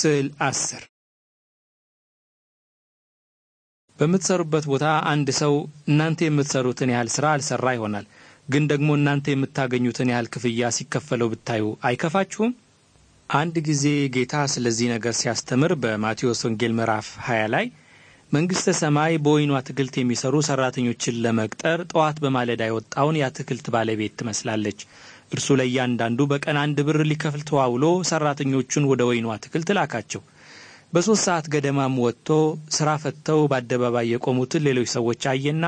ስዕል 10 በምትሰሩበት ቦታ አንድ ሰው እናንተ የምትሰሩትን ያህል ስራ አልሰራ ይሆናል። ግን ደግሞ እናንተ የምታገኙትን ያህል ክፍያ ሲከፈለው ብታዩ አይከፋችሁም? አንድ ጊዜ ጌታ ስለዚህ ነገር ሲያስተምር በማቴዎስ ወንጌል ምዕራፍ 20 ላይ መንግሥተ ሰማይ በወይኑ አትክልት የሚሰሩ ሠራተኞችን ለመቅጠር ጠዋት በማለዳ የወጣውን የአትክልት ባለቤት ትመስላለች። እርሱ ለእያንዳንዱ በቀን አንድ ብር ሊከፍል ተዋውሎ ሠራተኞቹን ወደ ወይኑ አትክልት ላካቸው። በሦስት ሰዓት ገደማም ወጥቶ ሥራ ፈትተው በአደባባይ የቆሙትን ሌሎች ሰዎች አየና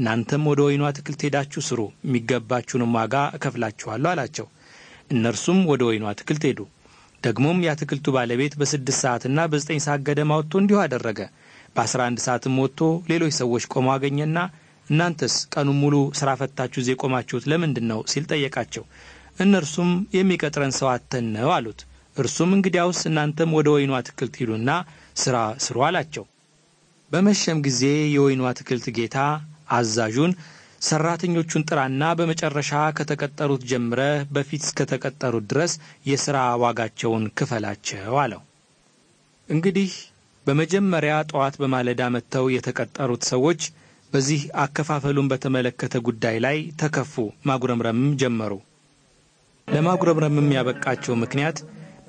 እናንተም ወደ ወይኑ አትክልት ሄዳችሁ ስሩ፣ የሚገባችሁንም ዋጋ እከፍላችኋለሁ አላቸው። እነርሱም ወደ ወይኑ አትክልት ሄዱ። ደግሞም የአትክልቱ ባለቤት በስድስት ሰዓትና በዘጠኝ ሰዓት ገደማ ወጥቶ እንዲሁ አደረገ። በአስራ 11 ሰዓትም ወጥቶ ሌሎች ሰዎች ቆመው አገኘና እናንተስ ቀኑን ሙሉ ስራ ፈታችሁ እዚህ የቆማችሁት ለምንድን ነው ሲል ጠየቃቸው። እነርሱም የሚቀጥረን ሰው አጥተን ነው አሉት። እርሱም እንግዲያውስ እናንተም ወደ ወይኑ አትክልት ሂዱና ስራ ስሩ አላቸው። በመሸም ጊዜ የወይኑ አትክልት ጌታ አዛዡን ሰራተኞቹን ጥራና በመጨረሻ ከተቀጠሩት ጀምረ በፊት እስከተቀጠሩት ድረስ የሥራ ዋጋቸውን ክፈላቸው አለው። እንግዲህ በመጀመሪያ ጠዋት በማለዳ መጥተው የተቀጠሩት ሰዎች በዚህ አከፋፈሉን በተመለከተ ጉዳይ ላይ ተከፉ፣ ማጉረምረምም ጀመሩ። ለማጉረምረምም ያበቃቸው ምክንያት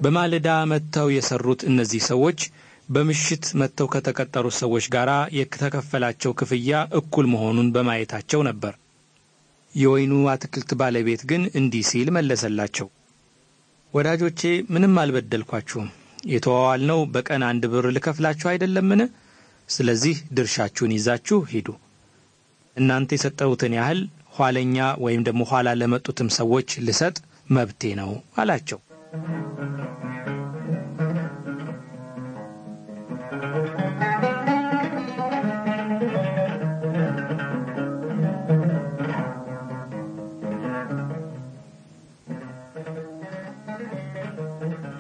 በማለዳ መጥተው የሰሩት እነዚህ ሰዎች በምሽት መጥተው ከተቀጠሩት ሰዎች ጋር የተከፈላቸው ክፍያ እኩል መሆኑን በማየታቸው ነበር። የወይኑ አትክልት ባለቤት ግን እንዲህ ሲል መለሰላቸው፣ ወዳጆቼ ምንም አልበደልኳችሁም ነው በቀን አንድ ብር ልከፍላችሁ አይደለምን? ስለዚህ ድርሻችሁን ይዛችሁ ሂዱ። እናንተ የሰጠሁትን ያህል ኋለኛ ወይም ደግሞ ኋላ ለመጡትም ሰዎች ልሰጥ መብቴ ነው አላቸው።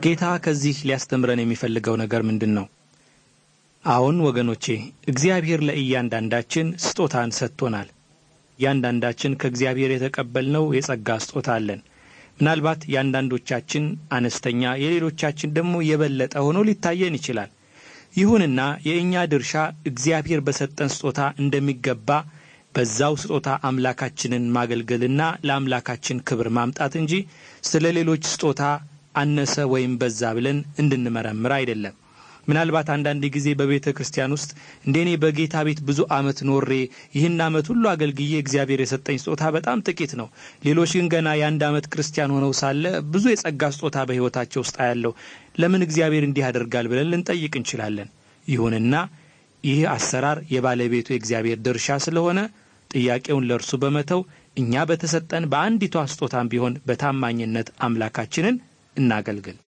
ጌታ ከዚህ ሊያስተምረን የሚፈልገው ነገር ምንድን ነው? አሁን ወገኖቼ፣ እግዚአብሔር ለእያንዳንዳችን ስጦታን ሰጥቶናል። እያንዳንዳችን ከእግዚአብሔር የተቀበልነው የጸጋ ስጦታ አለን። ምናልባት የአንዳንዶቻችን አነስተኛ፣ የሌሎቻችን ደግሞ የበለጠ ሆኖ ሊታየን ይችላል። ይሁንና የእኛ ድርሻ እግዚአብሔር በሰጠን ስጦታ እንደሚገባ በዛው ስጦታ አምላካችንን ማገልገልና ለአምላካችን ክብር ማምጣት እንጂ ስለ ሌሎች ስጦታ አነሰ ወይም በዛ ብለን እንድንመረምር አይደለም። ምናልባት አንዳንድ ጊዜ በቤተ ክርስቲያን ውስጥ እንደኔ በጌታ ቤት ብዙ ዓመት ኖሬ ይህን ዓመት ሁሉ አገልግዬ እግዚአብሔር የሰጠኝ ስጦታ በጣም ጥቂት ነው። ሌሎች ግን ገና የአንድ ዓመት ክርስቲያን ሆነው ሳለ ብዙ የጸጋ ስጦታ በሕይወታቸው ውስጥ አያለው ለምን እግዚአብሔር እንዲህ ያደርጋል ብለን ልንጠይቅ እንችላለን። ይሁንና ይህ አሰራር የባለቤቱ የእግዚአብሔር ድርሻ ስለሆነ ጥያቄውን ለእርሱ በመተው እኛ በተሰጠን በአንዲቷ ስጦታም ቢሆን በታማኝነት አምላካችንን እናገልግል